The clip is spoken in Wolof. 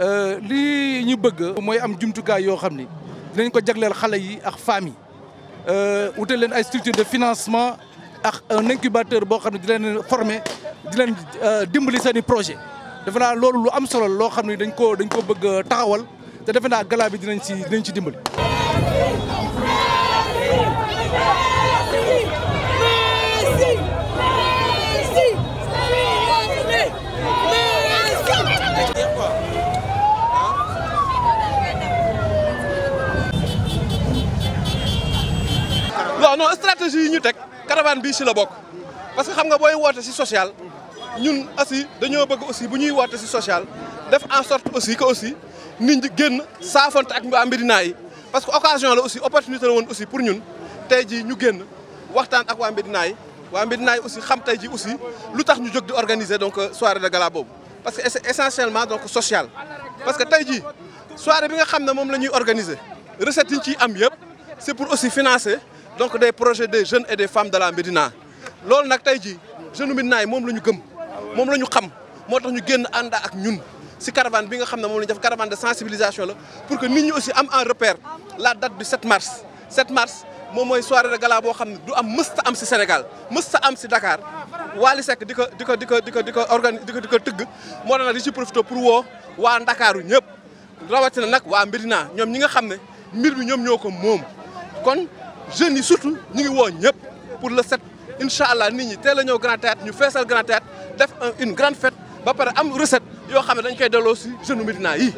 Euh, lii ñu bëgg mooy am jumtukaay yoo xam ni dinañ ko jagleel xale yi ak famille yi euh, wutal leen ay structure de financement ak un incubateur boo xam ne di leen former di leen euh, dimbali seen i projet defe naa loolu lu am solo loo xam ne dañ koo dañ ko bëgg taxawal te defe naa gala bi dinañ ci dinañ ci dimbali non stratégie yi ñu caravane bi ci la bok. parce que xam nga boy woote ci social ñun aussi dañoo bëgg aussi bu ñuy woote ci social def en sorte aussi que aussi nit ñi genn saafante ak waa Médina yi parce que occasion la aussi opportunité la woon aussi pour ñun tay ji ñu genn waxtaan ak wa Médina yi wa Médina yi aussi xam tay ji aussi lutax ñu jóg di organiser donc euh, soirée de gala bob, parce que c'est essentiellement donc social parce que tay ji soirée bi nga xam ne moom organiser recette yi ñu am yépp c'est pour aussi financer donc des projets des jeunes et des femmes de la Médina loolu nak tay ji jeune Médina mom moom gëm mom lañu xam motax ñu génn anda ak ñun ci caravane bi nga xamne mom lañu def caravane de sensibilisation la pour que nit ñi aussi am en repère la date du 7 mars 7 mars mom moy soirée de gala bo xamne du am mësta am ci Sénégal mësta am ci Dakar Wally Seck diko diko diko diko diko ko di ko di ko organi di tëgg moo tax nag di ci profiter pour wo wa Ndakaaru ñëpp rawatina nak wa Médina ñom ñi nga xamne mbir bi ñom ñoko mom kon jeunes yi surtout ñu ngi woo pour le sept inshallah allah nit ñi teel a grand théâtre ñu feesal grand théâtre def une grande fête ba paré am recette yo xam dañ koy delloo ci jeune Médina yi